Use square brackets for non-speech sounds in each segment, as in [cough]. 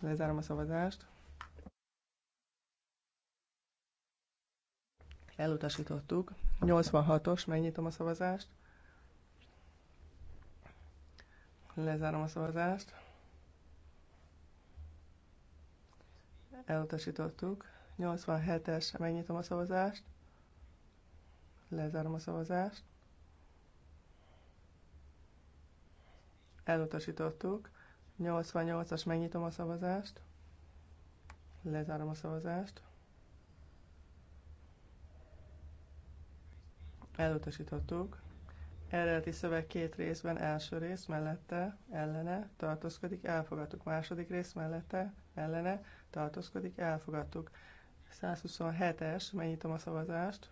Lezárom a szavazást. Elutasítottuk. 86-os, megnyitom a szavazást. Lezárom a szavazást. Elutasítottuk. 87-es, megnyitom a szavazást. Lezárom a szavazást. Elutasítottuk. 88-as, megnyitom a szavazást. Lezárom a szavazást. Elutasítottuk. Eredeti szöveg két részben, első rész mellette, ellene, tartózkodik, elfogadtuk. Második rész mellette, ellene, tartózkodik, elfogadtuk. 127-es, megnyitom a szavazást.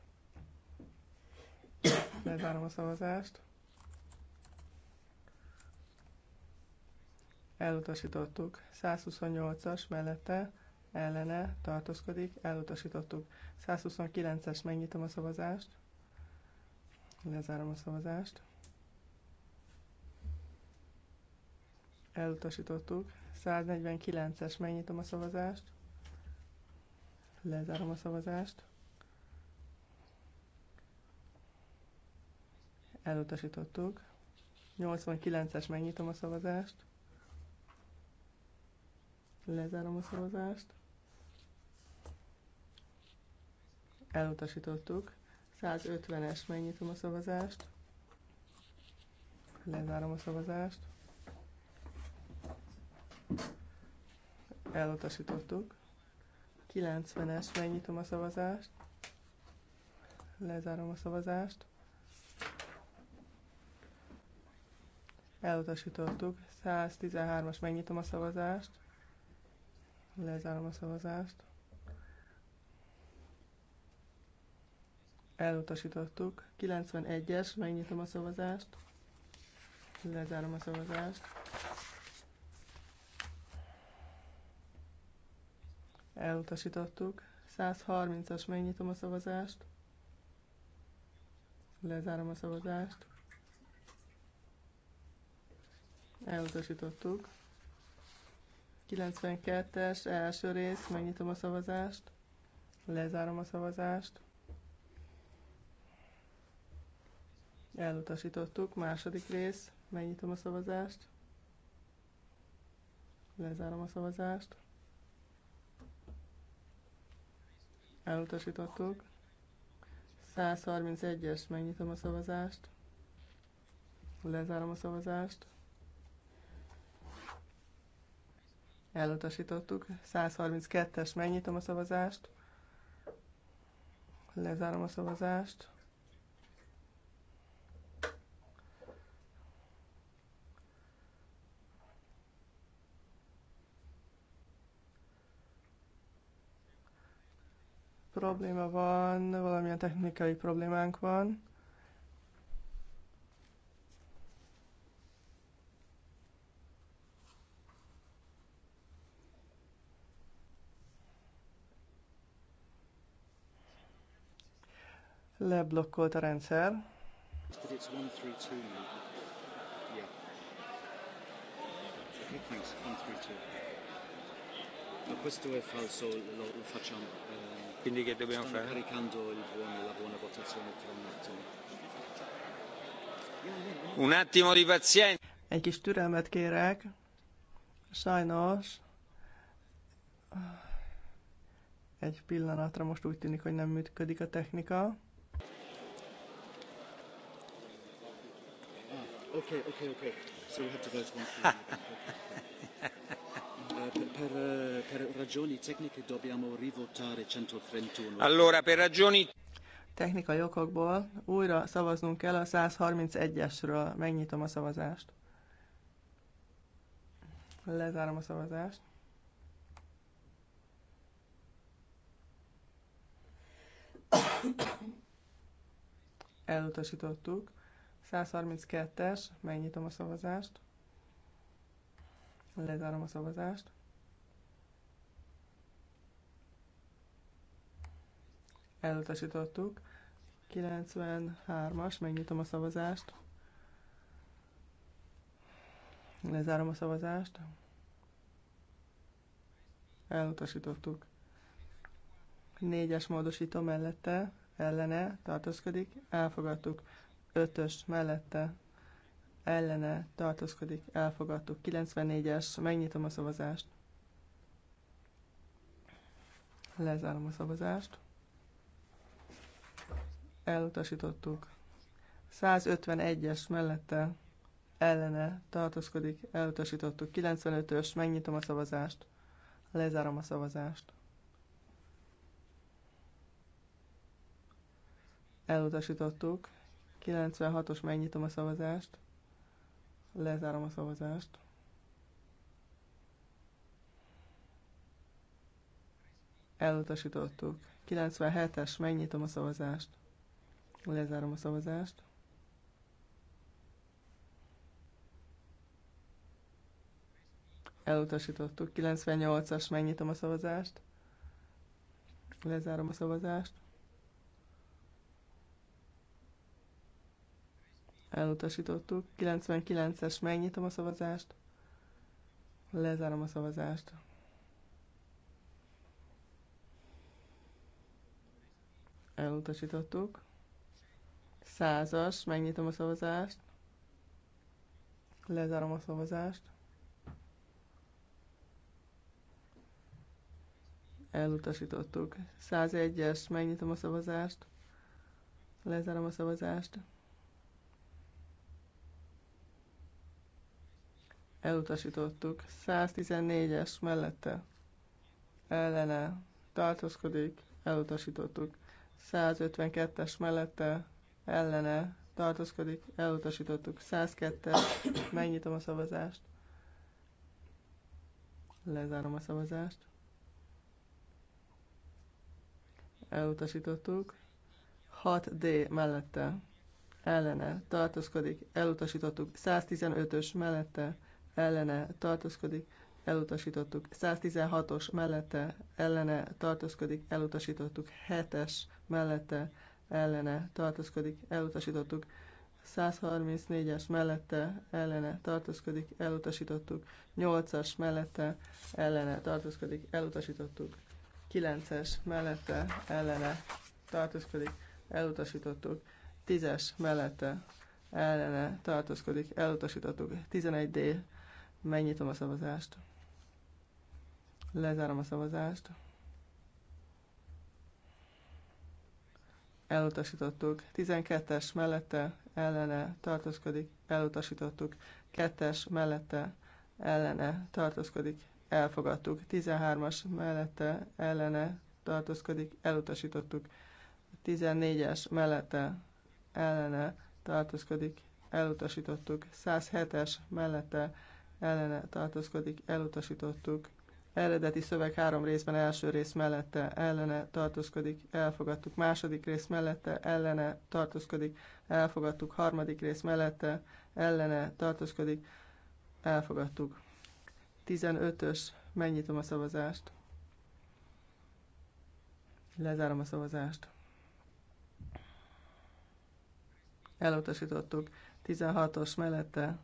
Lezárom a szavazást. elutasítottuk. 128-as mellette ellene tartózkodik, elutasítottuk. 129-es, megnyitom a szavazást, lezárom a szavazást. Elutasítottuk. 149-es, megnyitom a szavazást, lezárom a szavazást. Elutasítottuk. 89-es, megnyitom a szavazást. Lezárom a szavazást. Elutasítottuk. 150-es, megnyitom a szavazást. Lezárom a szavazást. Elutasítottuk. 90-es, megnyitom a szavazást. Lezárom a szavazást. Elutasítottuk. 113-as, megnyitom a szavazást. Lezárom a szavazást. Elutasítottuk. 91-es, megnyitom a szavazást. Lezárom a szavazást. Elutasítottuk. 130-as, megnyitom a szavazást. Lezárom a szavazást. Elutasítottuk. 92-es első rész, megnyitom a szavazást, lezárom a szavazást. Elutasítottuk, második rész, megnyitom a szavazást, lezárom a szavazást. Elutasítottuk. 131-es, megnyitom a szavazást. Lezárom a szavazást. elutasítottuk. 132-es, megnyitom a szavazást, lezárom a szavazást. probléma van, valamilyen technikai problémánk van. leblokkolt a rendszer. Ma questo è falso, lo, lo facciamo. Eh, um, Quindi che dobbiamo stanno fare? caricando il buon, la buona votazione tra un attimo. Un attimo di pazienza. Egy kis türelmet kérek. Sajnos. Egy pillanatra most úgy tűnik, hogy nem működik a technika. Okay, okay, okay. So we have to vote one thing. [laughs] Uh, per, uh, per ragioni tecniche dobbiamo rivotare 131. Allora, per ragioni... Technikai okokból újra szavaznunk kell a 131-esről. Megnyitom a szavazást. Lezárom a szavazást. [coughs] Elutasítottuk. 132-es, megnyitom a szavazást. Lezárom a szavazást. Elutasítottuk. 93-as, megnyitom a szavazást. Lezárom a szavazást. Elutasítottuk. 4-es módosító mellette, ellene tartózkodik, elfogadtuk ötös mellette ellene tartózkodik, elfogadtuk. 94-es, megnyitom a szavazást. Lezárom a szavazást. Elutasítottuk. 151-es mellette ellene tartózkodik, elutasítottuk. 95-ös, megnyitom a szavazást. Lezárom a szavazást. Elutasítottuk. 96-os megnyitom a szavazást. Lezárom a szavazást. Elutasítottuk. 97-es, megnyitom a szavazást. Lezárom a szavazást. Elutasítottuk. 98-as, megnyitom a szavazást. Lezárom a szavazást. elutasítottuk. 99-es, megnyitom a szavazást, lezárom a szavazást. Elutasítottuk. 100-as, megnyitom a szavazást, lezárom a szavazást. Elutasítottuk. 101-es, megnyitom a szavazást, lezárom a szavazást. elutasítottuk. 114-es mellette ellene tartózkodik, elutasítottuk. 152-es mellette ellene tartózkodik, elutasítottuk. 102-es, megnyitom a szavazást. Lezárom a szavazást. Elutasítottuk. 6D mellette ellene tartózkodik, elutasítottuk. 115-ös mellette ellene tartózkodik, elutasítottuk. 116-os mellette ellene tartózkodik, elutasítottuk. 7-es mellette ellene tartózkodik, elutasítottuk. 134-es mellette ellene tartózkodik, elutasítottuk. 8-as mellette ellene tartózkodik, elutasítottuk. 9-es mellette ellene tartózkodik, elutasítottuk. 10-es mellette ellene tartózkodik, elutasítottuk. 11D Megnyitom a szavazást. Lezárom a szavazást. Elutasítottuk. 12-es mellette ellene tartózkodik. Elutasítottuk. 2-es mellette ellene tartózkodik. Elfogadtuk. 13-as mellette ellene tartózkodik. Elutasítottuk. 14-es mellette ellene tartózkodik. Elutasítottuk. 107-es mellette ellene tartózkodik, elutasítottuk. Eredeti szöveg három részben, első rész mellette ellene tartózkodik, elfogadtuk. Második rész mellette ellene tartózkodik, elfogadtuk. Harmadik rész mellette ellene tartózkodik, elfogadtuk. 15-ös, megnyitom a szavazást. Lezárom a szavazást. Elutasítottuk. 16-os mellette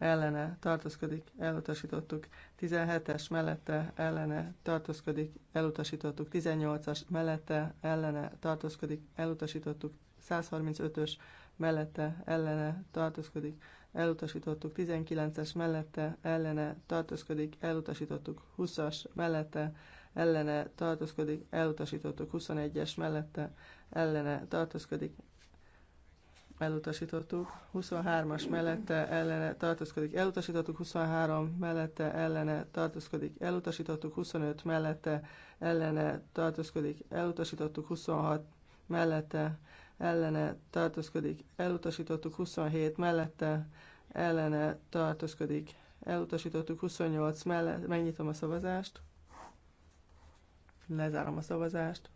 ellene tartózkodik, elutasítottuk. 17-es mellette ellene tartózkodik, elutasítottuk. 18-as mellette ellene tartózkodik, elutasítottuk. 135-ös mellette ellene tartózkodik, elutasítottuk. 19-es mellette ellene tartózkodik, elutasítottuk. 20-as mellette ellene tartózkodik, elutasítottuk. 21-es mellette ellene tartózkodik, elutasítottuk, 23-as mellette ellene tartózkodik, elutasítottuk, 23 mellette ellene tartózkodik, elutasítottuk, 25 mellette ellene tartózkodik, elutasítottuk, 26 mellette ellene tartózkodik, elutasítottuk, 27 mellette ellene tartózkodik, elutasítottuk, 28 mellett, megnyitom a szavazást, lezárom a szavazást,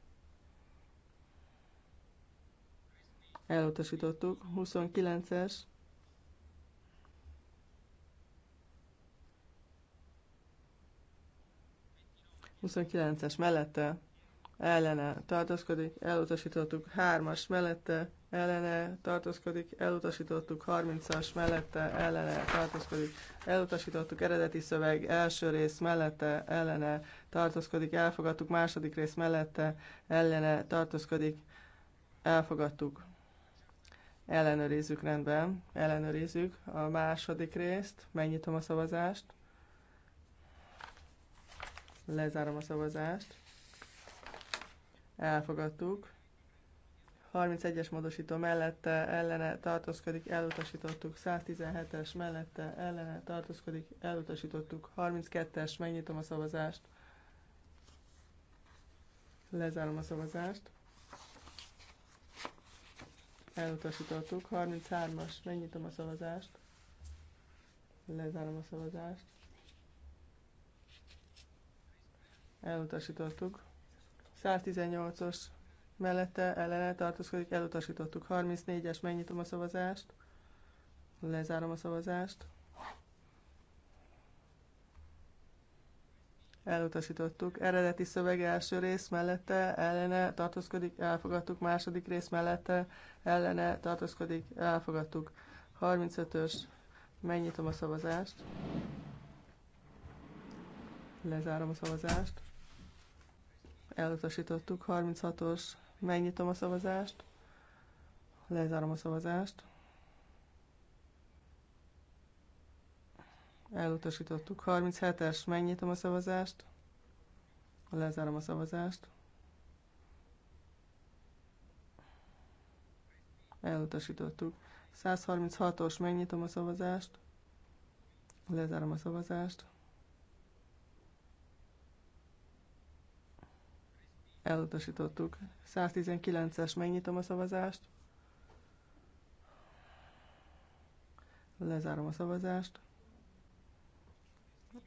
elutasítottuk. 29-es Huszonkilences mellette ellene tartózkodik, elutasítottuk. Hármas mellette ellene tartózkodik, elutasítottuk. 30-as mellette ellene tartózkodik, elutasítottuk. Eredeti szöveg első rész mellette ellene tartózkodik, elfogadtuk. Második rész mellette ellene tartózkodik, elfogadtuk. Ellenőrizzük rendben, ellenőrizzük a második részt, megnyitom a szavazást, lezárom a szavazást, elfogadtuk. 31-es módosító mellette ellene tartózkodik, elutasítottuk. 117-es mellette ellene tartózkodik, elutasítottuk. 32-es, megnyitom a szavazást. Lezárom a szavazást elutasítottuk. 33-as, megnyitom a szavazást, lezárom a szavazást, elutasítottuk. 118-os mellette ellene tartozkodik. elutasítottuk. 34-es, megnyitom a szavazást, lezárom a szavazást, elutasítottuk. Eredeti szöveg első rész mellette ellene tartózkodik, elfogadtuk. Második rész mellette ellene tartózkodik, elfogadtuk. 35-ös. Megnyitom a szavazást. Lezárom a szavazást. Elutasítottuk. 36-os. Megnyitom a szavazást. Lezárom a szavazást. Elutasítottuk. 37-es, megnyitom a szavazást. Lezárom a szavazást. Elutasítottuk. 136-os, megnyitom a szavazást. Lezárom a szavazást. Elutasítottuk. 119-es, megnyitom a szavazást. Lezárom a szavazást.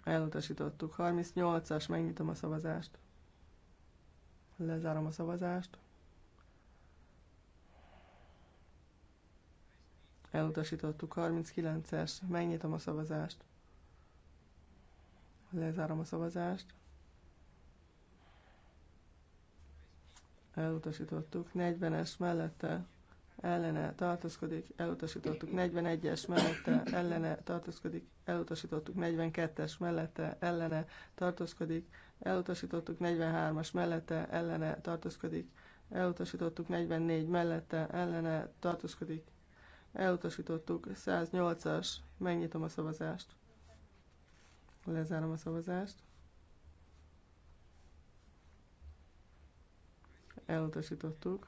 Elutasítottuk. 38-as, megnyitom a szavazást. Lezárom a szavazást. Elutasítottuk. 39-es, megnyitom a szavazást. Lezárom a szavazást. Elutasítottuk. 40-es mellette ellene tartózkodik, elutasítottuk 41-es mellette, ellene tartózkodik, elutasítottuk 42-es mellette, ellene tartózkodik, elutasítottuk 43-as mellette, ellene tartózkodik, elutasítottuk 44 mellette, ellene tartózkodik, elutasítottuk 108-as, megnyitom a szavazást, lezárom a szavazást, elutasítottuk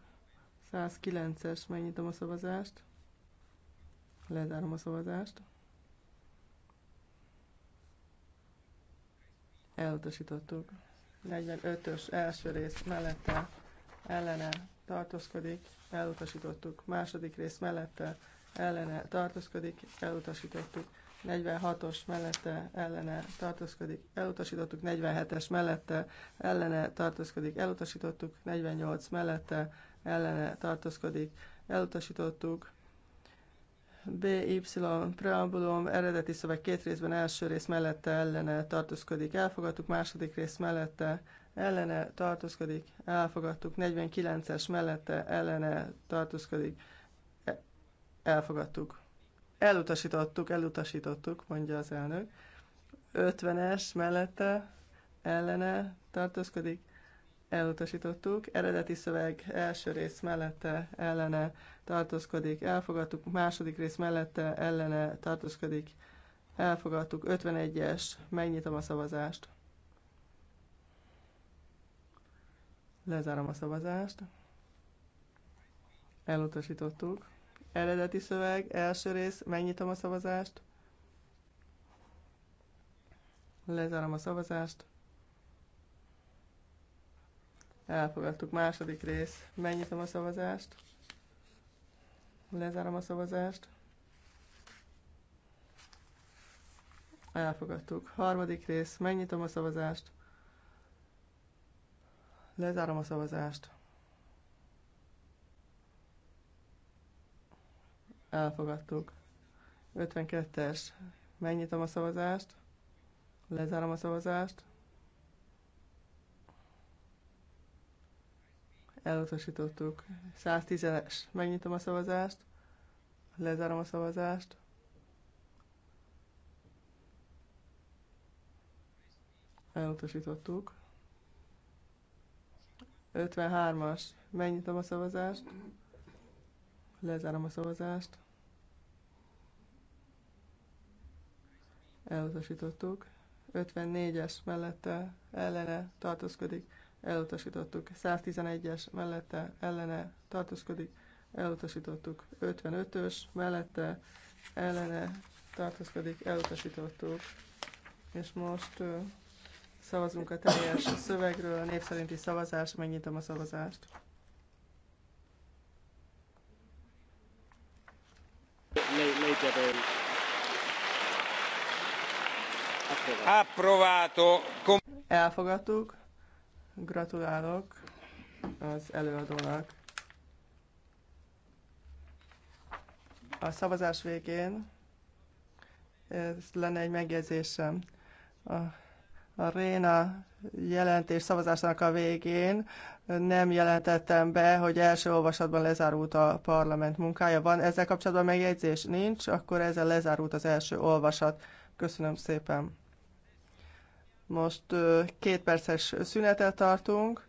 109-es, megnyitom a szavazást. Lezárom a szavazást. Elutasítottuk. 45-ös első rész mellette ellene tartózkodik, elutasítottuk. Második rész mellette ellene tartózkodik, elutasítottuk. 46-os mellette ellene tartózkodik, elutasítottuk, 47-es mellette ellene tartózkodik, elutasítottuk, 48 mellette ellene tartózkodik, elutasítottuk. BY preambulum eredeti szöveg két részben első rész mellette ellene tartózkodik, elfogadtuk, második rész mellette ellene tartózkodik, elfogadtuk, 49-es mellette ellene tartózkodik, e, elfogadtuk. Elutasítottuk, elutasítottuk, mondja az elnök. 50-es mellette ellene tartózkodik, elutasítottuk. Eredeti szöveg első rész mellette ellene tartózkodik, elfogadtuk. Második rész mellette ellene tartózkodik, elfogadtuk. 51-es, megnyitom a szavazást. Lezárom a szavazást. Elutasítottuk. Eredeti szöveg, első rész, megnyitom a szavazást. Lezárom a szavazást. Elfogadtuk. Második rész. Megnyitom a szavazást. Lezárom a szavazást. Elfogadtuk. Harmadik rész. Megnyitom a szavazást. Lezárom a szavazást. Elfogadtuk. 52-es. Megnyitom a szavazást. Lezárom a szavazást. Elutasítottuk. 110-es. Megnyitom a szavazást. Lezárom a szavazást. Elutasítottuk. 53-as. Megnyitom a szavazást. Lezárom a szavazást. Elutasítottuk. 54-es mellette ellene tartózkodik elutasítottuk. 111-es mellette ellene tartózkodik, elutasítottuk. 55-ös mellette ellene tartózkodik, elutasítottuk. És most uh, szavazunk a teljes szövegről, a népszerinti szavazás, megnyitom a szavazást. Elfogadtuk. Gratulálok az előadónak. A szavazás végén ez lenne egy megjegyzésem. A, a Réna jelentés szavazásának a végén nem jelentettem be, hogy első olvasatban lezárult a parlament munkája. Van ezzel kapcsolatban megjegyzés? Nincs, akkor ezzel lezárult az első olvasat. Köszönöm szépen. Most két perces szünetet tartunk,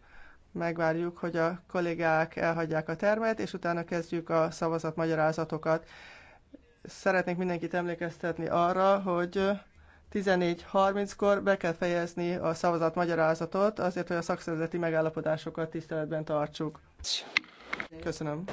megvárjuk, hogy a kollégák elhagyják a termet, és utána kezdjük a szavazatmagyarázatokat. Szeretnék mindenkit emlékeztetni arra, hogy 14.30-kor be kell fejezni a szavazatmagyarázatot, azért, hogy a szakszervezeti megállapodásokat tiszteletben tartsuk. Köszönöm.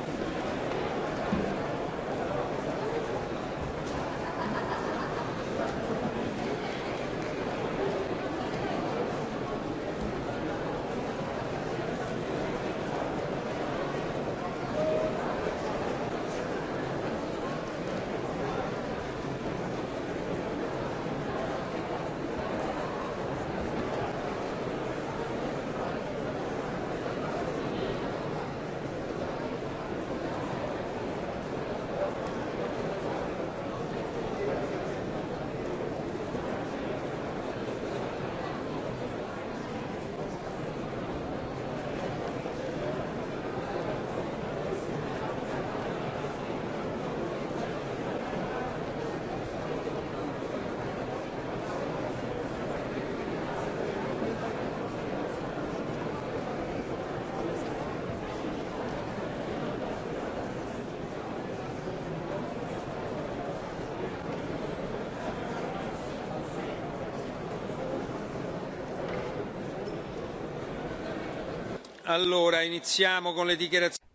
Allora,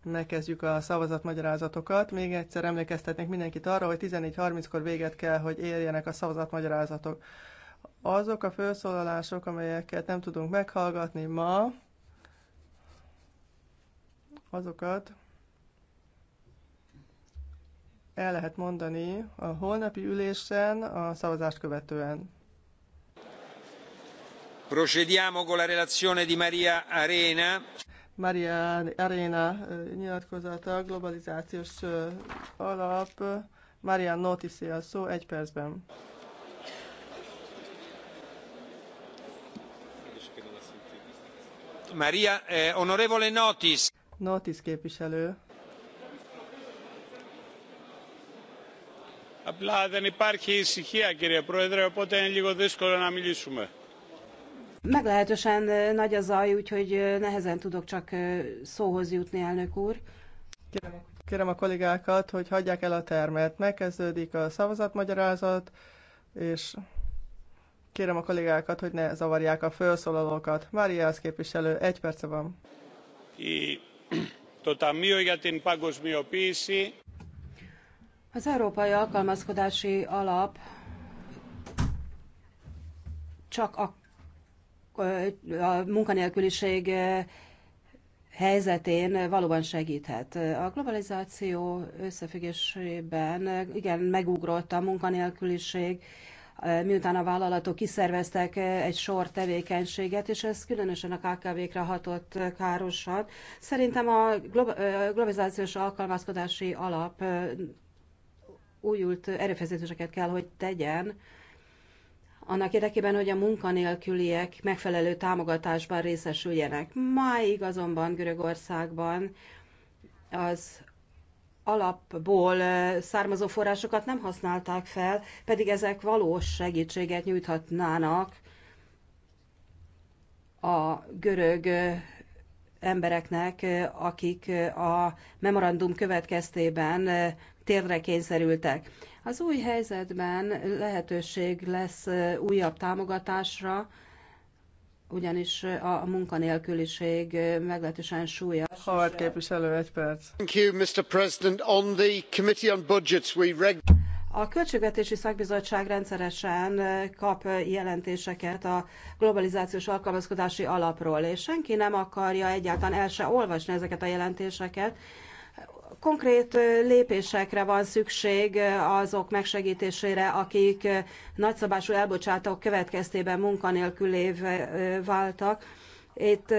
Megkezdjük a szavazatmagyarázatokat. Még egyszer emlékeztetnék mindenkit arra, hogy 14.30-kor véget kell, hogy érjenek a szavazatmagyarázatok. Azok a felszólalások, amelyeket nem tudunk meghallgatni ma, azokat el lehet mondani a holnapi ülésen a szavazást követően. Procediamo con la relazione di Maria Arena. Maria Arena eh, nyilatkozata, globalizációs eh, alap. Maria Notiszi a szó egy percben. Maria, eh, onorevole Notis. Notis képviselő. Απλά δεν υπάρχει ησυχία, κύριε Πρόεδρε, οπότε είναι λίγο δύσκολο να μιλήσουμε. Meglehetősen nagy a zaj, úgyhogy nehezen tudok csak szóhoz jutni, elnök úr. Kérem, kérem a kollégákat, hogy hagyják el a termet. Megkezdődik a szavazatmagyarázat, és kérem a kollégákat, hogy ne zavarják a felszólalókat. Máriász képviselő, egy perce van. [clears throat] Tota az Európai Alkalmazkodási Alap csak akkor, a munkanélküliség eh, helyzetén valóban segíthet. A globalizáció összefüggésében eh, igen, megugrott a munkanélküliség, eh, miután a vállalatok kiszerveztek egy sor tevékenységet, és ez különösen a KKV-kre hatott károsan. Szerintem a globalizációs alkalmazkodási alap újult erőfeszítéseket kell, hogy tegyen, annak érdekében, hogy a munkanélküliek megfelelő támogatásban részesüljenek. Máig azonban Görögországban az alapból származó forrásokat nem használták fel, pedig ezek valós segítséget nyújthatnának a görög embereknek, akik a memorandum következtében térre kényszerültek. Az új helyzetben lehetőség lesz újabb támogatásra, ugyanis a munkanélküliség meglehetősen súlyos. Hard képviselő, egy perc. Thank you, Mr. President. On the Committee on Budgets, we reg- a Költségvetési Szakbizottság rendszeresen kap jelentéseket a globalizációs alkalmazkodási alapról, és senki nem akarja egyáltalán el se olvasni ezeket a jelentéseket, Konkrét lépésekre van szükség azok megsegítésére, akik nagyszabású elbocsátók következtében munkanélkülévé váltak itt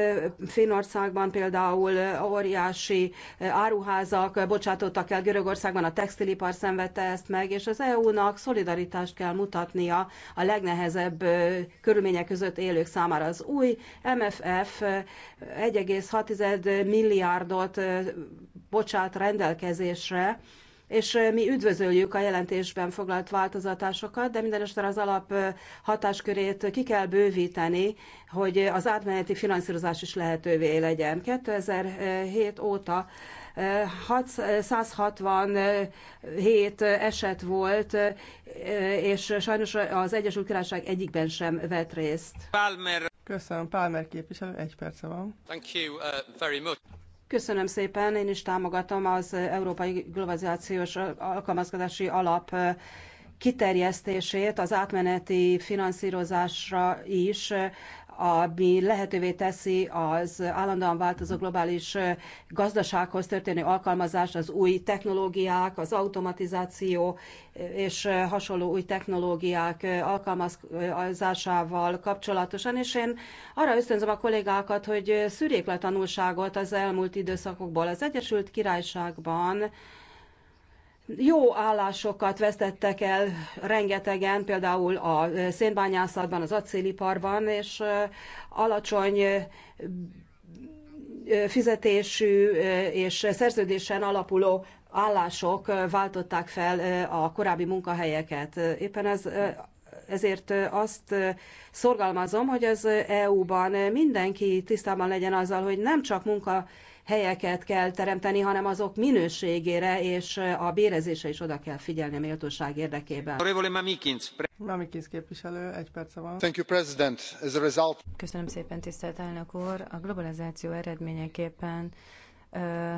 Finországban például óriási áruházak bocsátottak el Görögországban, a textilipar szenvedte ezt meg, és az EU-nak szolidaritást kell mutatnia a legnehezebb körülmények között élők számára. Az új MFF 1,6 milliárdot bocsát rendelkezésre, és mi üdvözöljük a jelentésben foglalt változatásokat, de minden esetre az alap hatáskörét ki kell bővíteni, hogy az átmeneti finanszírozás is lehetővé legyen. 2007 óta 167 eset volt, és sajnos az Egyesült Királyság egyikben sem vett részt. Palmer. Köszönöm, Palmer képviselő, egy perce van. Thank you, uh, very much. Köszönöm szépen, én is támogatom az Európai Globalizációs Alkalmazkodási Alap kiterjesztését az átmeneti finanszírozásra is, ami lehetővé teszi az állandóan változó globális gazdasághoz történő alkalmazást, az új technológiák, az automatizáció és hasonló új technológiák alkalmazásával kapcsolatosan, és én arra ösztönzöm a kollégákat, hogy szűrjék le tanulságot az elmúlt időszakokból. Az Egyesült Királyságban jó állásokat vesztettek el rengetegen, például a szénbányászatban, az acéliparban, és alacsony fizetésű és szerződésen alapuló állások váltották fel a korábbi munkahelyeket. Éppen ez ezért azt szorgalmazom, hogy az EU-ban mindenki tisztában legyen azzal, hogy nem csak munka helyeket kell teremteni, hanem azok minőségére és a bérezése is oda kell figyelni a méltóság érdekében. Mamikins képviselő, egy perce van. Thank you, President. As a result... Köszönöm szépen, tisztelt elnök úr. A globalizáció eredményeképpen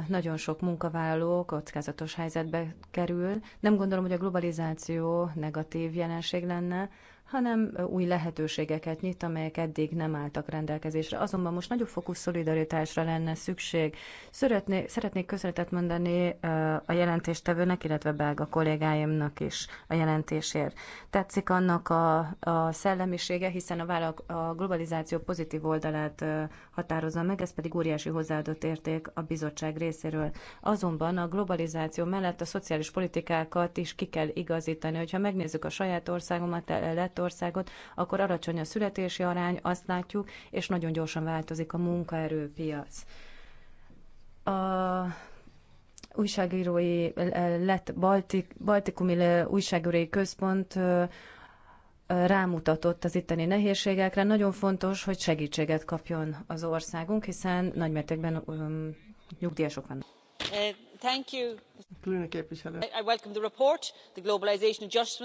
nagyon sok munkavállaló kockázatos helyzetbe kerül. Nem gondolom, hogy a globalizáció negatív jelenség lenne, hanem új lehetőségeket nyit, amelyek eddig nem álltak rendelkezésre. Azonban most nagyobb fokú szolidaritásra lenne szükség. Szeretné, szeretnék köszönetet mondani a jelentéstevőnek, illetve belga kollégáimnak is a jelentésért. Tetszik annak a, a szellemisége, hiszen a, vállal, a globalizáció pozitív oldalát határozza meg, ez pedig óriási hozzáadott érték a bizottság részéről. Azonban a globalizáció mellett a szociális politikákat is ki kell igazítani. Hogyha megnézzük a saját országomat, országot, akkor alacsony a születési arány, azt látjuk, és nagyon gyorsan változik a munkaerőpiac. A újságírói eh, lett Baltik, Baltikumi újságírói központ eh, rámutatott az itteni nehézségekre. Nagyon fontos, hogy segítséget kapjon az országunk, hiszen nagymértékben um, nyugdíjasok vannak.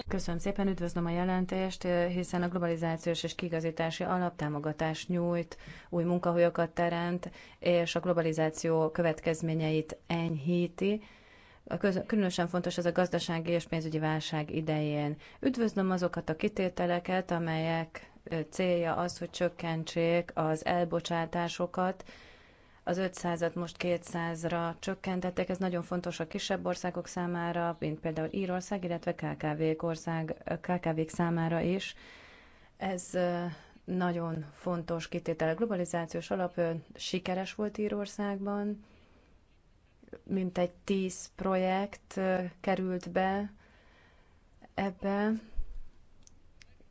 Köszönöm szépen, üdvözlöm a jelentést, hiszen a globalizációs és kiigazítási alap támogatást nyújt, új munkahelyeket teremt, és a globalizáció következményeit enyhíti. Különösen fontos ez a gazdasági és pénzügyi válság idején. Üdvözlöm azokat a kitételeket, amelyek célja az, hogy csökkentsék az elbocsátásokat, az 500-at most 200-ra csökkentették, ez nagyon fontos a kisebb országok számára, mint például Írország, illetve KKV-k, ország, KKV-k számára is. Ez nagyon fontos kitétel. A globalizációs alap sikeres volt Írországban, mintegy 10 projekt került be ebbe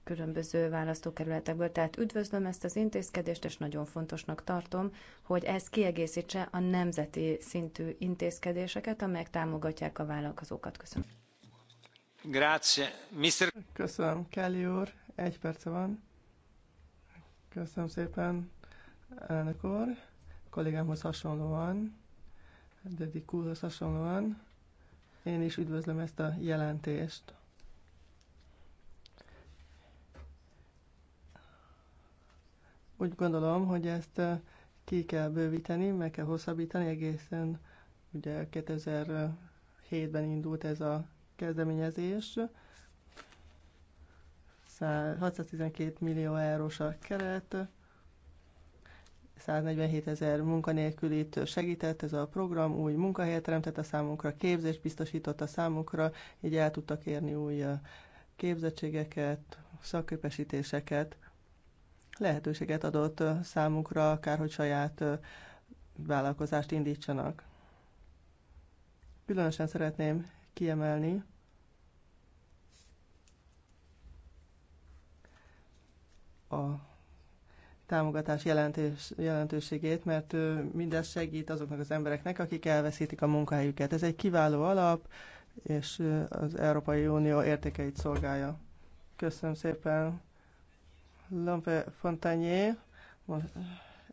különböző választókerületekből. Tehát üdvözlöm ezt az intézkedést, és nagyon fontosnak tartom, hogy ez kiegészítse a nemzeti szintű intézkedéseket, amelyek támogatják a vállalkozókat. Köszönöm. Grazie. Mr. Köszönöm, Kelly úr. Egy perce van. Köszönöm szépen, elnök úr. kollégámhoz hasonlóan, Dedik úrhoz hasonlóan. Én is üdvözlöm ezt a jelentést. Úgy gondolom, hogy ezt ki kell bővíteni, meg kell hosszabbítani egészen, ugye 2007-ben indult ez a kezdeményezés, 612 millió eurós a keret, 147 ezer munkanélkülit segített ez a program, új munkahelyet teremtett a számunkra, képzést biztosított a számunkra, így el tudtak érni új képzettségeket, szakképesítéseket lehetőséget adott számukra, akár hogy saját vállalkozást indítsanak. Különösen szeretném kiemelni, a támogatás jelentés, jelentőségét, mert mindez segít azoknak az embereknek, akik elveszítik a munkahelyüket. Ez egy kiváló alap, és az Európai Unió értékeit szolgálja. Köszönöm szépen! Lampe Fontanier,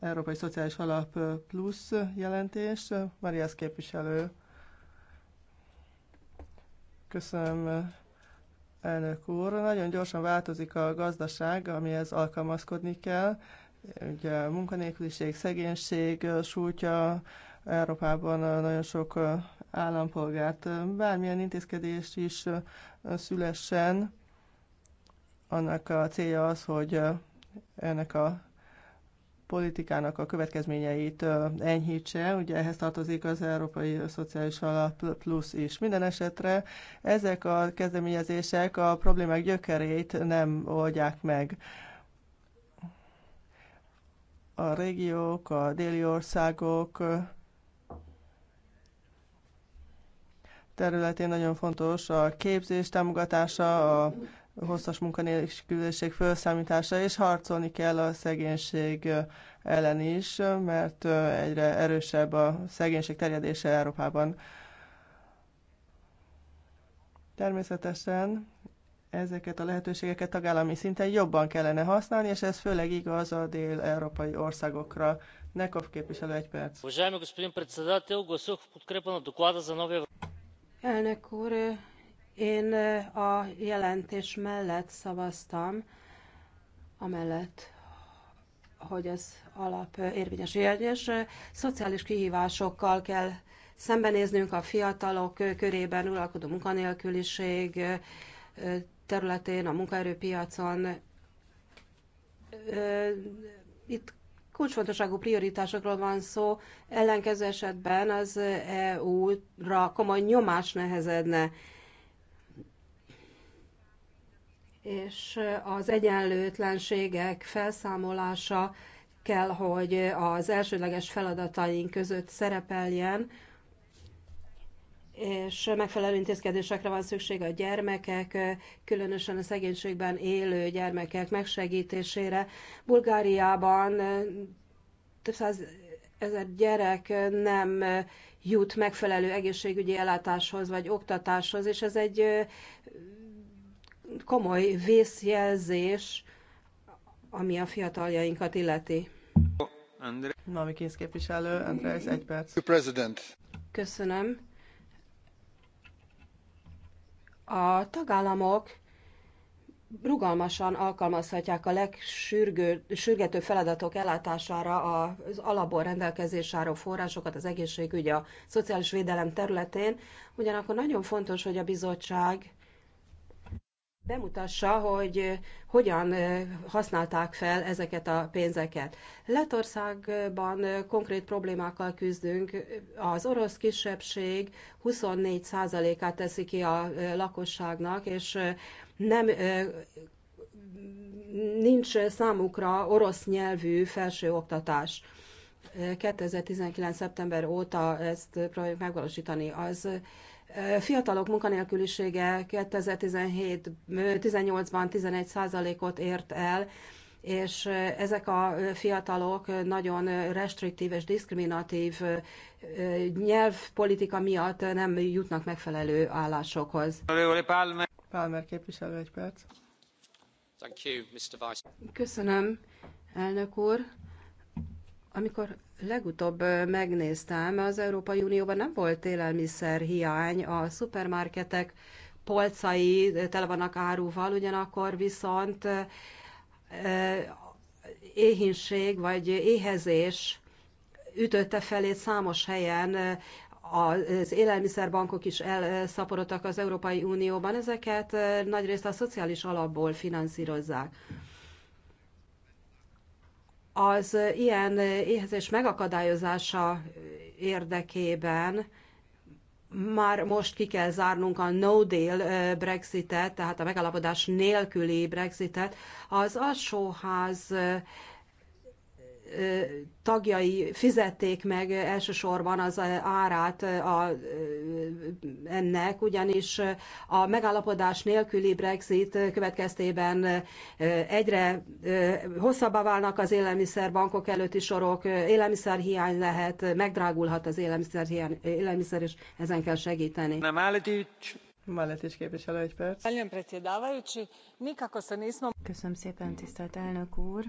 Európai Szociális Alap Plusz jelentés, Marias képviselő. Köszönöm, elnök úr. Nagyon gyorsan változik a gazdaság, amihez alkalmazkodni kell. Ugye munkanélküliség, szegénység sújtja Európában nagyon sok állampolgárt. Bármilyen intézkedés is szülessen, annak a célja az, hogy ennek a politikának a következményeit enyhítse. Ugye ehhez tartozik az Európai Szociális Alap Plusz is. Minden esetre ezek a kezdeményezések a problémák gyökerét nem oldják meg. A régiók, a déli országok területén nagyon fontos a képzés támogatása, a hosszas munkanélküliség felszámítása, és harcolni kell a szegénység ellen is, mert egyre erősebb a szegénység terjedése Európában. Természetesen ezeket a lehetőségeket tagállami szinten jobban kellene használni, és ez főleg igaz a dél-európai országokra. Nekov képviselő egy perc. Elnök úr, én a jelentés mellett szavaztam, amellett, hogy ez alap érvényes jelentés. szociális kihívásokkal kell szembenéznünk a fiatalok körében, uralkodó munkanélküliség területén, a munkaerőpiacon. Itt kulcsfontosságú prioritásokról van szó, ellenkező esetben az EU-ra komoly nyomás nehezedne. és az egyenlőtlenségek felszámolása kell, hogy az elsődleges feladataink között szerepeljen, és megfelelő intézkedésekre van szükség a gyermekek, különösen a szegénységben élő gyermekek megsegítésére. Bulgáriában több száz ezer gyerek nem jut megfelelő egészségügyi ellátáshoz vagy oktatáshoz, és ez egy komoly vészjelzés, ami a fiataljainkat illeti. Mami Kinsz képviselő, András, egy perc. President. Köszönöm. A tagállamok rugalmasan alkalmazhatják a legsürgető feladatok ellátására az alapból rendelkezés álló forrásokat az egészségügy, a szociális védelem területén. Ugyanakkor nagyon fontos, hogy a bizottság bemutassa, hogy eh, hogyan eh, használták fel ezeket a pénzeket. Letországban eh, konkrét problémákkal küzdünk. Az orosz kisebbség 24%-át teszi ki a lakosságnak, és nem nincs számukra orosz nyelvű felsőoktatás. 2019. szeptember óta ezt próbáljuk megvalósítani. Az Fiatalok munkanélkülisége 2017-18-ban 11 százalékot ért el, és ezek a fiatalok nagyon restriktív és diszkriminatív nyelvpolitika miatt nem jutnak megfelelő állásokhoz. Palmer, Palmer képviselő, egy perc. Köszönöm, elnök úr. Amikor legutóbb megnéztem, az Európai Unióban nem volt élelmiszer hiány, a szupermarketek polcai tele vannak áruval, ugyanakkor viszont éhinség vagy éhezés ütötte felét számos helyen, az élelmiszerbankok is elszaporodtak az Európai Unióban, ezeket nagyrészt a szociális alapból finanszírozzák az ilyen éhezés megakadályozása érdekében már most ki kell zárnunk a no deal Brexitet, tehát a megállapodás nélküli Brexitet. Az alsóház tagjai fizették meg elsősorban az árát a, ennek, ugyanis a megállapodás nélküli Brexit következtében egyre hosszabbá válnak az élelmiszerbankok előtti sorok, élelmiszerhiány lehet, megdrágulhat az élelmiszer, hiány, élelmiszer és ezen kell segíteni. Nem állítjuk. Maletics képviselő, egy perc. Köszönöm szépen, tisztelt elnök úr!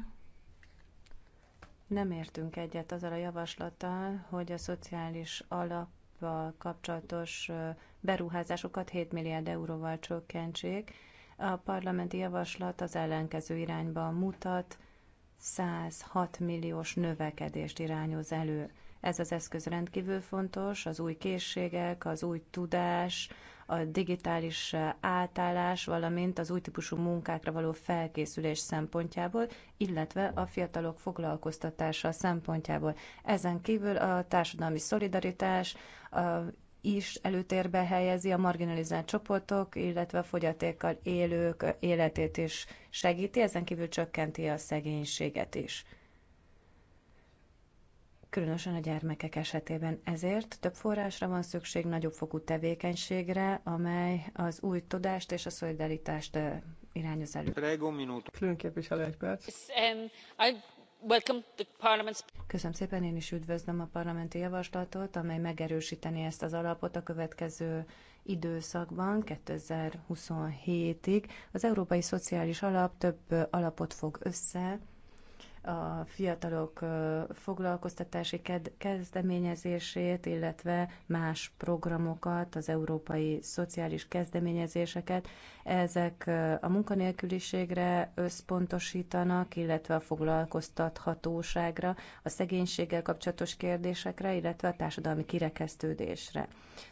nem értünk egyet azzal a javaslattal, hogy a szociális alappal kapcsolatos beruházásokat 7 milliárd euróval csökkentsék. A parlamenti javaslat az ellenkező irányba mutat, 106 milliós növekedést irányoz elő. Ez az eszköz rendkívül fontos, az új készségek, az új tudás, a digitális átállás, valamint az új típusú munkákra való felkészülés szempontjából, illetve a fiatalok foglalkoztatása szempontjából. Ezen kívül a társadalmi szolidaritás, a is előtérbe helyezi a marginalizált csoportok, illetve a fogyatékkal élők életét is segíti, ezen kívül csökkenti a szegénységet is különösen a gyermekek esetében. Ezért több forrásra van szükség, nagyobb fokú tevékenységre, amely az új tudást és a szolidaritást irányoz elő. Külön képviselő egy perc. Um, Köszönöm szépen, én is üdvözlöm a parlamenti javaslatot, amely megerősíteni ezt az alapot a következő időszakban, 2027-ig. Az Európai Szociális Alap több alapot fog össze, a fiatalok foglalkoztatási kezdeményezését, illetve más programokat, az európai szociális kezdeményezéseket. Ezek a munkanélküliségre összpontosítanak, illetve a foglalkoztathatóságra, a szegénységgel kapcsolatos kérdésekre, illetve a társadalmi kirekesztődésre.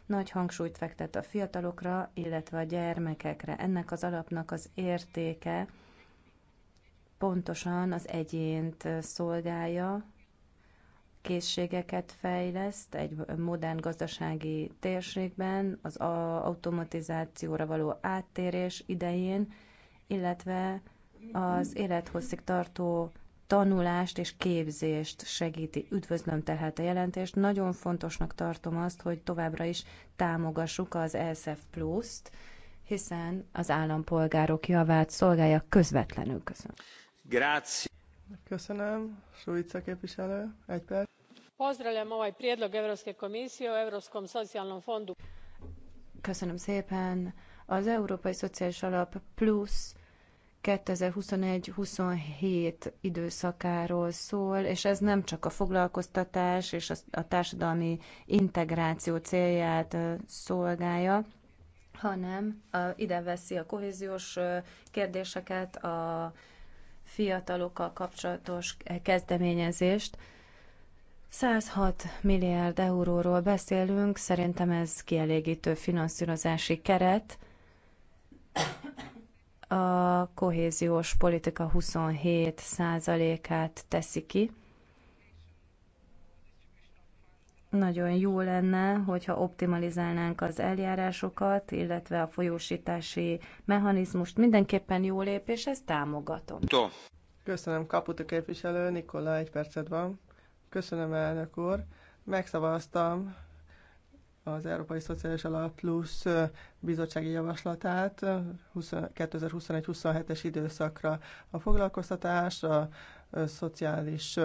Nagy hangsúlyt fektet a fiatalokra, illetve a gyermekekre. Ennek az alapnak az értéke, pontosan az egyént szolgálja, készségeket fejleszt egy modern gazdasági térségben, az automatizációra való áttérés idején, illetve az élethosszig tartó tanulást és képzést segíti. Üdvözlöm tehát a jelentést. Nagyon fontosnak tartom azt, hogy továbbra is támogassuk az ESF Plus-t, hiszen az állampolgárok javát szolgálja közvetlenül. Köszönöm. Köszönöm. képviselő, egy perc. Pozdravljam ovaj prijedlog Europske komisije o Europskom socijalnom fondu. Köszönöm szépen. Az Európai Szociális Alap plusz 2021-27 időszakáról szól, és ez nem csak a foglalkoztatás és a társadalmi integráció célját szolgálja, hanem ide veszi a kohéziós kérdéseket, a fiatalokkal kapcsolatos kezdeményezést. 106 milliárd euróról beszélünk, szerintem ez kielégítő finanszírozási keret. A kohéziós politika 27 százalékát teszi ki. Nagyon jó lenne, hogyha optimalizálnánk az eljárásokat, illetve a folyósítási mechanizmust. Mindenképpen jó lépés, ezt támogatom. Köszönöm, Kaputi képviselő, Nikola, egy percet van. Köszönöm, elnök úr. Megszavaztam az Európai Szociális Alap Plusz bizottsági javaslatát 2021-27-es időszakra. A foglalkoztatás, a szociális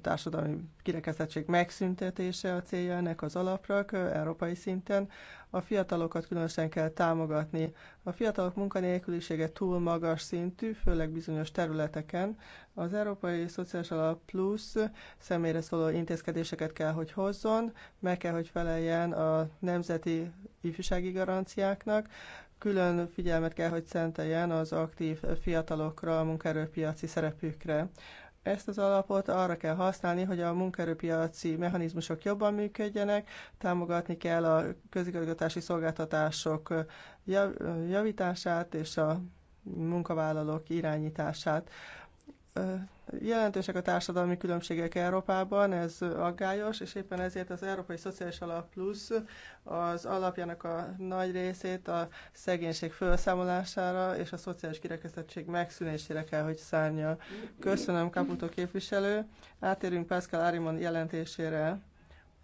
társadalmi kirekesztettség megszüntetése a célja ennek az alaprak európai szinten. A fiatalokat különösen kell támogatni. A fiatalok munkanélkülisége túl magas szintű, főleg bizonyos területeken. Az Európai Szociális Alap Plusz személyre szóló intézkedéseket kell, hogy hozzon, meg kell, hogy feleljen a nemzeti ifjúsági garanciáknak, külön figyelmet kell, hogy szenteljen az aktív fiatalokra, a munkaerőpiaci szerepükre ezt az alapot arra kell használni, hogy a munkaerőpiaci mechanizmusok jobban működjenek, támogatni kell a közigazgatási szolgáltatások javítását és a munkavállalók irányítását. Jelentősek a társadalmi különbségek Európában, ez aggályos, és éppen ezért az Európai Szociális Alap Plusz az alapjának a nagy részét a szegénység felszámolására és a szociális kirekesztettség megszűnésére kell, hogy szárnya. Köszönöm, Kaputo képviselő. Átérünk Pascal Arimon jelentésére.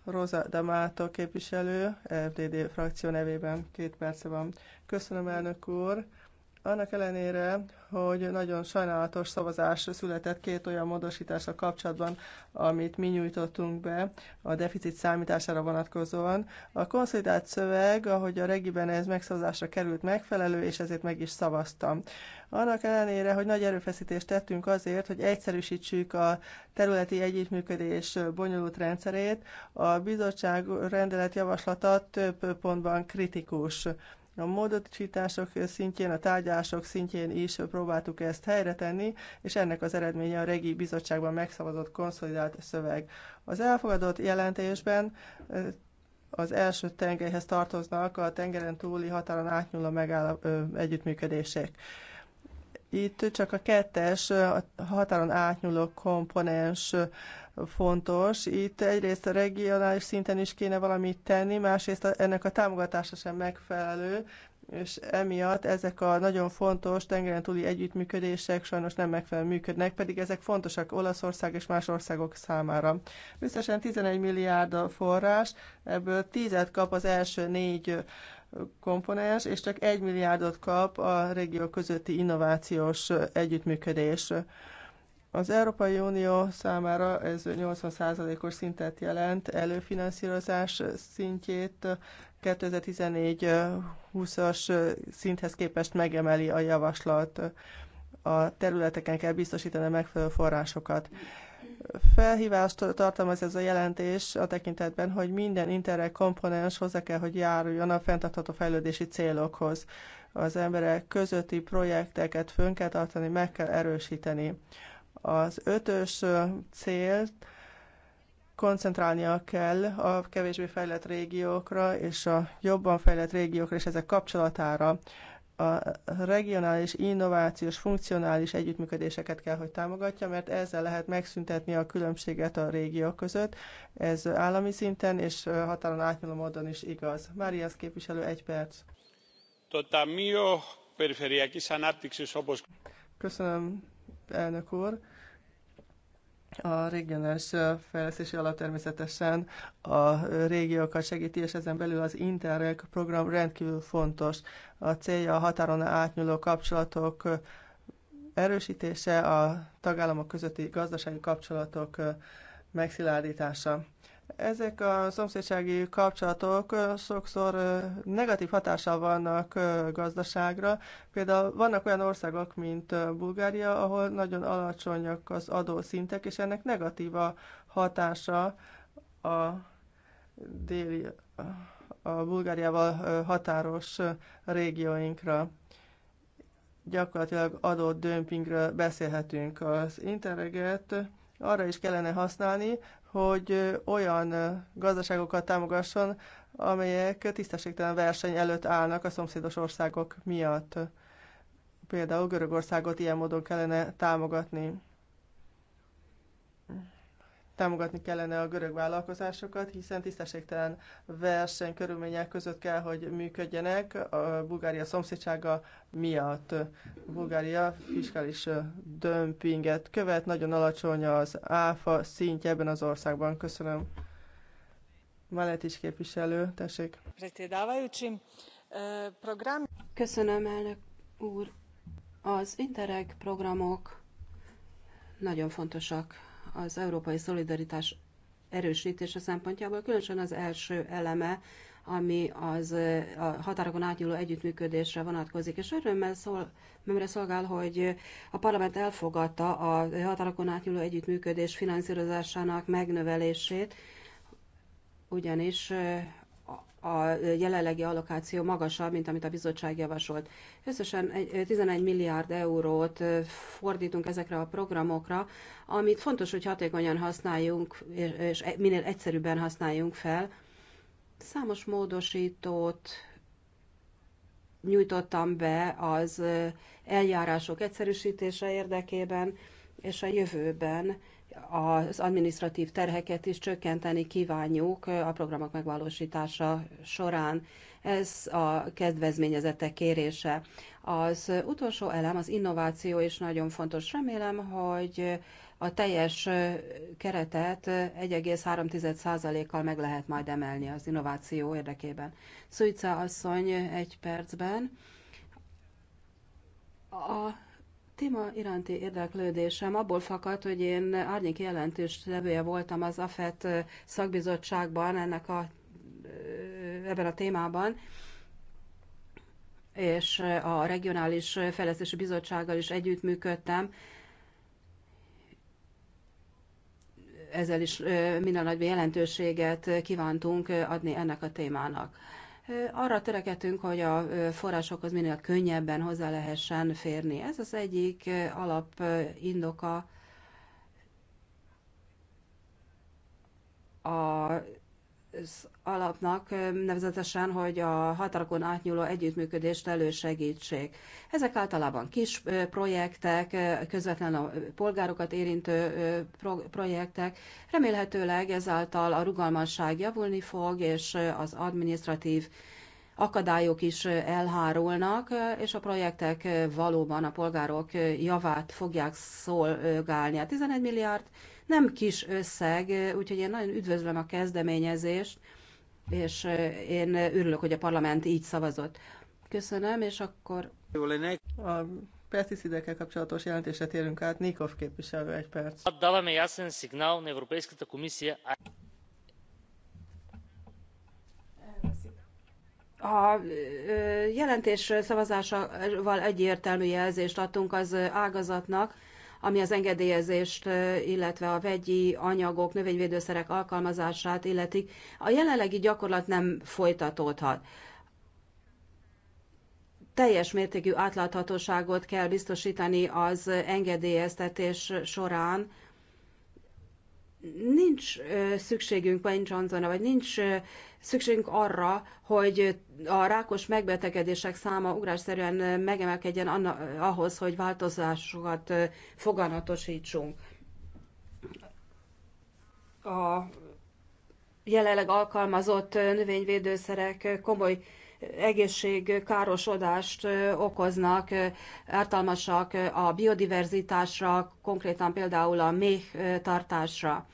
Rosa D'Amato képviselő, FDD frakció nevében két perce van. Köszönöm, elnök úr. Annak ellenére, hogy nagyon sajnálatos szavazás született két olyan módosítása kapcsolatban, amit mi nyújtottunk be a deficit számítására vonatkozóan. A konszolidált szöveg, ahogy a regiben ez megszavazásra került megfelelő, és ezért meg is szavaztam. Annak ellenére, hogy nagy erőfeszítést tettünk azért, hogy egyszerűsítsük a területi együttműködés bonyolult rendszerét, a bizottság rendelet javaslata több pontban kritikus a módosítások szintjén, a tárgyalások szintjén is próbáltuk ezt helyretenni, és ennek az eredménye a Regi Bizottságban megszavazott konszolidált szöveg. Az elfogadott jelentésben az első tengelyhez tartoznak a tengeren túli határon átnyúló megállap, ö, együttműködések. Itt csak a kettes a határon átnyúló komponens fontos. Itt egyrészt a regionális szinten is kéne valamit tenni, másrészt ennek a támogatása sem megfelelő, és emiatt ezek a nagyon fontos tengeren túli együttműködések sajnos nem megfelelően működnek, pedig ezek fontosak Olaszország és más országok számára. Összesen 11 milliárd a forrás, ebből 10-et kap az első négy komponens, és csak egy milliárdot kap a régió közötti innovációs együttműködés. Az Európai Unió számára ez 80%-os szintet jelent, előfinanszírozás szintjét 2014-20-as szinthez képest megemeli a javaslat. A területeken kell biztosítani a megfelelő forrásokat. Felhívást tartalmaz ez a jelentés a tekintetben, hogy minden interreg komponens hozzá kell, hogy járuljon a fenntartható fejlődési célokhoz. Az emberek közötti projekteket fönn kell tartani, meg kell erősíteni. Az ötös célt koncentrálnia kell a kevésbé fejlett régiókra és a jobban fejlett régiókra és ezek kapcsolatára a regionális, innovációs, funkcionális együttműködéseket kell, hogy támogatja, mert ezzel lehet megszüntetni a különbséget a régiók között. Ez állami szinten és határon átnyúló módon is igaz. Márias képviselő, egy perc. Köszönöm, elnök úr a regionális fejlesztési alap természetesen a régiókat segíti, és ezen belül az Interreg program rendkívül fontos. A célja a határon átnyúló kapcsolatok erősítése, a tagállamok közötti gazdasági kapcsolatok megszilárdítása. Ezek a szomszédsági kapcsolatok sokszor negatív hatással vannak gazdaságra. Például vannak olyan országok, mint Bulgária, ahol nagyon alacsonyak az adószintek, és ennek negatív a hatása a déli, a Bulgáriával határos régióinkra gyakorlatilag adott dömpingről beszélhetünk. Az interreget arra is kellene használni, hogy olyan gazdaságokat támogasson, amelyek tisztességtelen verseny előtt állnak a szomszédos országok miatt. Például Görögországot ilyen módon kellene támogatni támogatni kellene a görög vállalkozásokat, hiszen tisztességtelen versenykörülmények között kell, hogy működjenek a Bulgária szomszédsága miatt. Bulgária fiskális dömpinget követ, nagyon alacsony az áfa szintje ebben az országban. Köszönöm. is képviselő, tessék. E, Köszönöm, elnök úr. Az Interreg programok nagyon fontosak az európai szolidaritás erősítése szempontjából, különösen az első eleme, ami az a határokon átnyúló együttműködésre vonatkozik. És örömmel szól, mert szolgál, hogy a parlament elfogadta a határokon átnyúló együttműködés finanszírozásának megnövelését, ugyanis a jelenlegi allokáció magasabb, mint amit a bizottság javasolt. Összesen 11 milliárd eurót fordítunk ezekre a programokra, amit fontos, hogy hatékonyan használjunk, és e, minél egyszerűbben használjunk fel. Számos módosítót nyújtottam be az eljárások egyszerűsítése érdekében, és a jövőben az administratív terheket is csökkenteni kívánjuk a programok megvalósítása során. Ez a kedvezményezettek kérése. Az utolsó elem, az innováció is nagyon fontos. Remélem, hogy a teljes keretet 1,3%-kal meg lehet majd emelni az innováció érdekében. Szujca asszony egy percben. A téma iránti érdeklődésem abból fakad, hogy én árnyék jelentős levője voltam az AFET szakbizottságban ennek a, ebben a témában, és a Regionális Fejlesztési Bizottsággal is együttműködtem. Ezzel is minden nagy jelentőséget kívántunk adni ennek a témának. Arra törekedtünk, hogy a forrásokhoz minél könnyebben hozzá lehessen férni. Ez az egyik indoka a az alapnak, nevezetesen, hogy a határokon átnyúló együttműködést elősegítsék. Ezek általában kis projektek, közvetlen a polgárokat érintő projektek. Remélhetőleg ezáltal a rugalmasság javulni fog, és az administratív akadályok is elhárulnak, és a projektek valóban a polgárok javát fogják szolgálni. A 11 milliárd nem kis összeg, úgyhogy én nagyon üdvözlöm a kezdeményezést, és én örülök, hogy a parlament így szavazott. Köszönöm, és akkor... A pesticidekkel kapcsolatos jelentésre térünk át. Nikov képviselő, egy perc. A jelentés szavazásával egyértelmű jelzést adtunk az ágazatnak, ami az engedélyezést, illetve a vegyi anyagok, növényvédőszerek alkalmazását illeti, a jelenlegi gyakorlat nem folytatódhat. Teljes mértékű átláthatóságot kell biztosítani az engedélyeztetés során, nincs szükségünk, vagy nincs vagy nincs szükségünk arra, hogy a rákos megbetegedések száma ugrásszerűen megemelkedjen anna, ahhoz, hogy változásokat foganatosítsunk. A jelenleg alkalmazott növényvédőszerek komoly egészségkárosodást okoznak, ártalmasak a biodiverzitásra, konkrétan például a méh tartásra.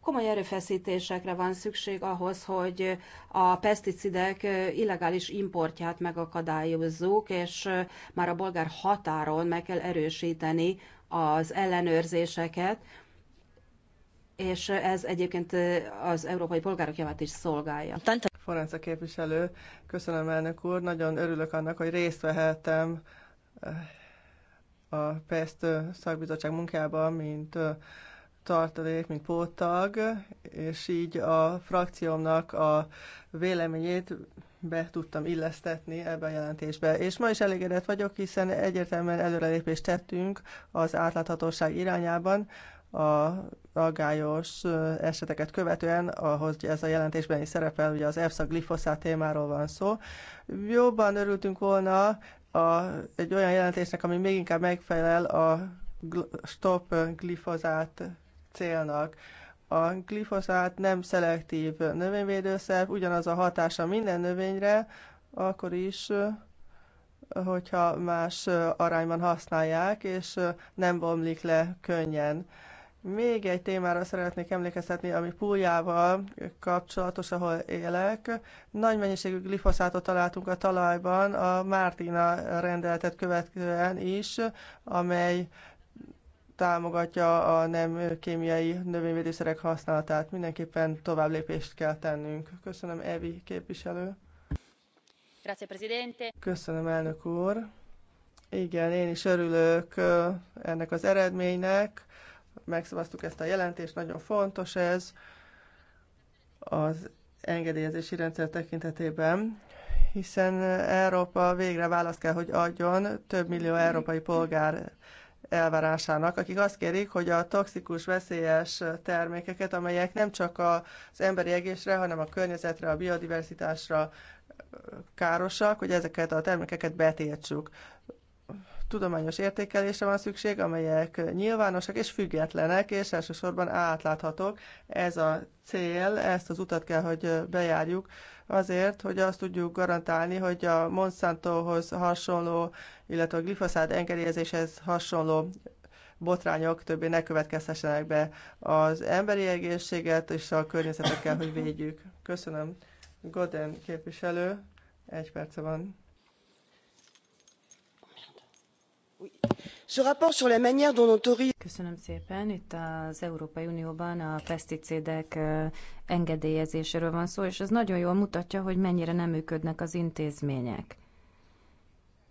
Komoly erőfeszítésekre van szükség ahhoz, hogy a peszticidek illegális importját megakadályozzuk, és már a bolgár határon meg kell erősíteni az ellenőrzéseket, és ez egyébként az európai polgárok javát is szolgálja. Forenza képviselő. Köszönöm, elnök úr. Nagyon örülök annak, hogy részt vehettem eh, a PESZT eh, szakbizottság munkában, mint eh, tartalék, mint póttag, és így a frakciómnak a véleményét be tudtam illesztetni ebbe a jelentésbe. És ma is elégedett vagyok, hiszen egyértelműen előrelépést tettünk az átláthatóság irányában, a aggályos eseteket követően, ahogy ez a jelentésben is szerepel, ugye az EFSA glifoszát témáról van szó. Jobban örültünk volna a, egy olyan jelentésnek, ami még inkább megfelel a stop glifozát célnak. A glifozát nem szelektív növényvédőszer, ugyanaz a hatása minden növényre, akkor is, hogyha más arányban használják, és nem bomlik le könnyen. Még egy témára szeretnék emlékeztetni, ami Púljával kapcsolatos, ahol élek. Nagy mennyiségű glifoszátot találtunk a talajban a Mártina rendeletet követően is, amely támogatja a nem kémiai növényvédőszerek használatát. Mindenképpen tovább lépést kell tennünk. Köszönöm, Evi képviselő. Köszönöm, elnök úr. Igen, én is örülök ennek az eredménynek megszavaztuk ezt a jelentést, nagyon fontos ez az engedélyezési rendszer tekintetében, hiszen Európa végre választ kell, hogy adjon több millió európai polgár elvárásának, akik azt kérik, hogy a toxikus, veszélyes termékeket, amelyek nem csak az emberi egészre, hanem a környezetre, a biodiversitásra károsak, hogy ezeket a termékeket betiltsuk tudományos értékelésre van szükség, amelyek nyilvánosak és függetlenek, és elsősorban átláthatók. Ez a cél, ezt az utat kell, hogy bejárjuk, azért, hogy azt tudjuk garantálni, hogy a Monsantohoz hasonló, illetve a glifoszát engedélyezéshez hasonló botrányok többé ne következhessenek be. Az emberi egészséget és a környezetet kell, hogy védjük. Köszönöm. Goden képviselő, egy perce van. Ce rapport sur la manière dont on Köszönöm szépen. Itt az Európai Unióban a peszticidek engedélyezéséről van szó, és ez nagyon jól mutatja, hogy mennyire nem működnek az intézmények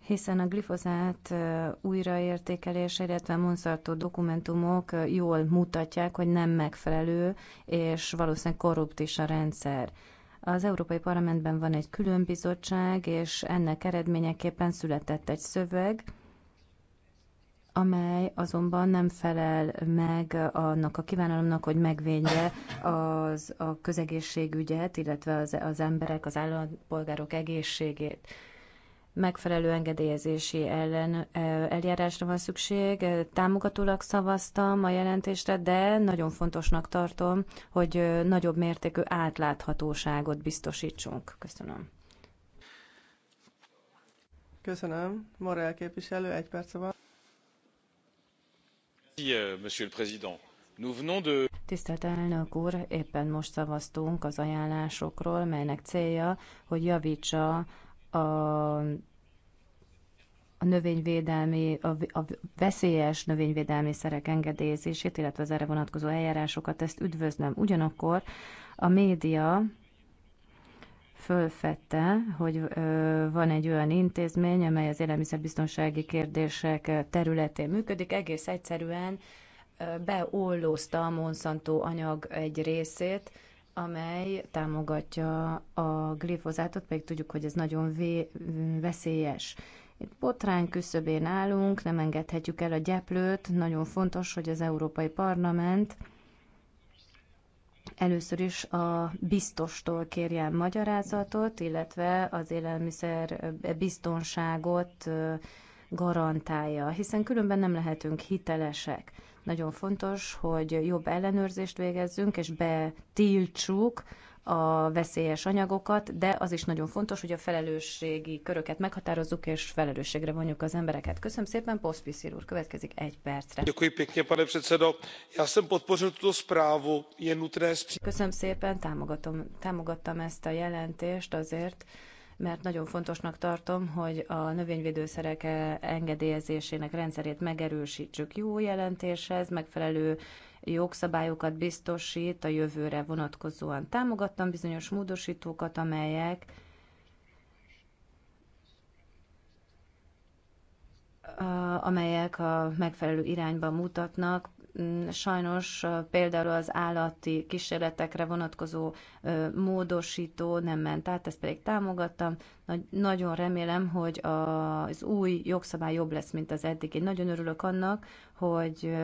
hiszen a glifozát újraértékelése, illetve monszartó dokumentumok jól mutatják, hogy nem megfelelő, és valószínűleg korrupt is a rendszer. Az Európai Parlamentben van egy külön bizottság, és ennek eredményeképpen született egy szöveg, amely azonban nem felel meg annak a kívánalomnak, hogy megvédje az, a közegészségügyet, illetve az, az emberek, az állampolgárok egészségét megfelelő engedélyezési ellen, e, eljárásra van szükség. Támogatólag szavaztam a jelentésre, de nagyon fontosnak tartom, hogy nagyobb mértékű átláthatóságot biztosítsunk. Köszönöm. Köszönöm. Morel képviselő, egy perc van monsieur le président. Nous venons de... Tisztelt elnök úr, éppen most szavaztunk az ajánlásokról, melynek célja, hogy javítsa a a növényvédelmi, a, a veszélyes növényvédelmi szerek engedélyezését, illetve az erre vonatkozó eljárásokat, ezt üdvözlöm. Ugyanakkor a média fölfedte, hogy van egy olyan intézmény, amely az élelmiszerbiztonsági kérdések területén működik, egész egyszerűen beollózta a Monsanto anyag egy részét, amely támogatja a glifozátot, pedig tudjuk, hogy ez nagyon vé- veszélyes. Itt botrány küszöbén állunk, nem engedhetjük el a gyeplőt. Nagyon fontos, hogy az Európai Parlament először is a biztostól kérjen magyarázatot, illetve az élelmiszer biztonságot garantálja, hiszen különben nem lehetünk hitelesek. Nagyon fontos, hogy jobb ellenőrzést végezzünk, és betiltsuk a veszélyes anyagokat, de az is nagyon fontos, hogy a felelősségi köröket meghatározzuk, és felelősségre vonjuk az embereket. Köszönöm szépen, Poszpiszir úr, következik egy percre. Köszönöm szépen, támogatom, támogattam ezt a jelentést azért, mert nagyon fontosnak tartom, hogy a növényvédőszerek e- engedélyezésének rendszerét megerősítsük. Jó jelentéshez megfelelő jogszabályokat biztosít a jövőre vonatkozóan. Támogattam bizonyos módosítókat, amelyek amelyek a megfelelő irányba mutatnak, sajnos például az állati kísérletekre vonatkozó módosító nem ment át, ezt pedig támogattam. Nagy, nagyon remélem, hogy az új jogszabály jobb lesz, mint az eddig. Én nagyon örülök annak, hogy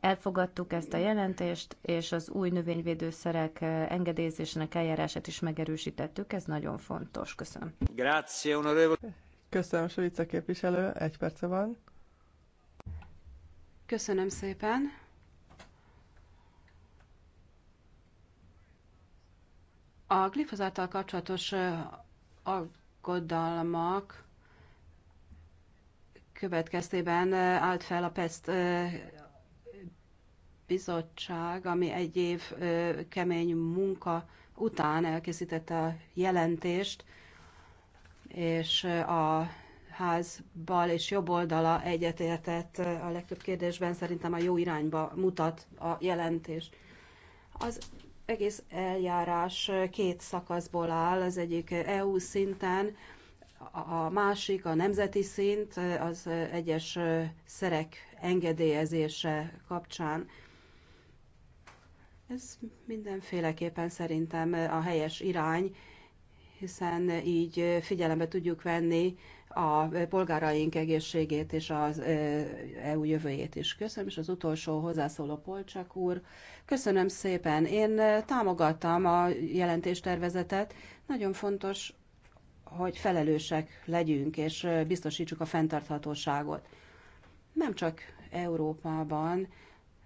elfogadtuk ezt a jelentést, és az új növényvédőszerek engedélyezésének eljárását is megerősítettük. Ez nagyon fontos. Köszönöm. Grazie, onorevole. Köszönöm, Suica képviselő. Egy perce van. Köszönöm szépen. A glifozáttal kapcsolatos aggodalmak következtében állt fel a PESZT bizottság, ami egy év kemény munka után elkészítette a jelentést, és a házbal és jobb oldala egyetértett a legtöbb kérdésben, szerintem a jó irányba mutat a jelentés. Az egész eljárás két szakaszból áll, az egyik EU szinten, a másik, a nemzeti szint az egyes szerek engedélyezése kapcsán. Ez mindenféleképpen szerintem a helyes irány, hiszen így figyelembe tudjuk venni a polgáraink egészségét és az EU jövőjét is. Köszönöm, és az utolsó hozzászóló Polcsak úr. Köszönöm szépen. Én támogattam a jelentéstervezetet. Nagyon fontos, hogy felelősek legyünk, és biztosítsuk a fenntarthatóságot. Nem csak Európában,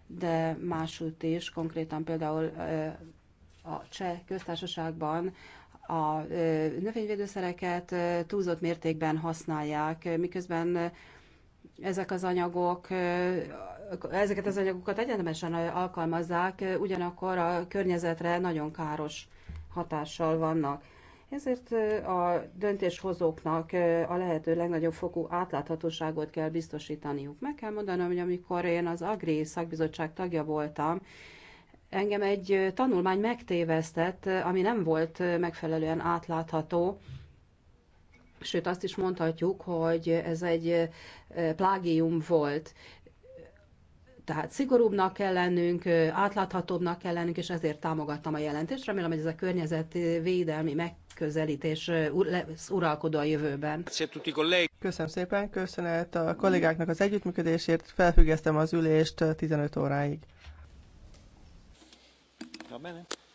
de máshogy is, konkrétan például a Cseh köztársaságban a növényvédőszereket túlzott mértékben használják, miközben ezek az anyagok, ezeket az anyagokat egyetemesen alkalmazzák, ugyanakkor a környezetre nagyon káros hatással vannak. Ezért a döntéshozóknak a lehető legnagyobb fokú átláthatóságot kell biztosítaniuk. Meg kell mondanom, hogy amikor én az Agri szakbizottság tagja voltam, Engem egy tanulmány megtévesztett, ami nem volt megfelelően átlátható, sőt azt is mondhatjuk, hogy ez egy plágium volt. Tehát szigorúbbnak kell lennünk, átláthatóbbnak kell lennünk, és ezért támogattam a jelentést. Remélem, hogy ez a környezetvédelmi megközelítés lesz uralkodó a jövőben. Köszönöm szépen, köszönet a kollégáknak az együttműködésért, felfüggesztem az ülést 15 óráig menem.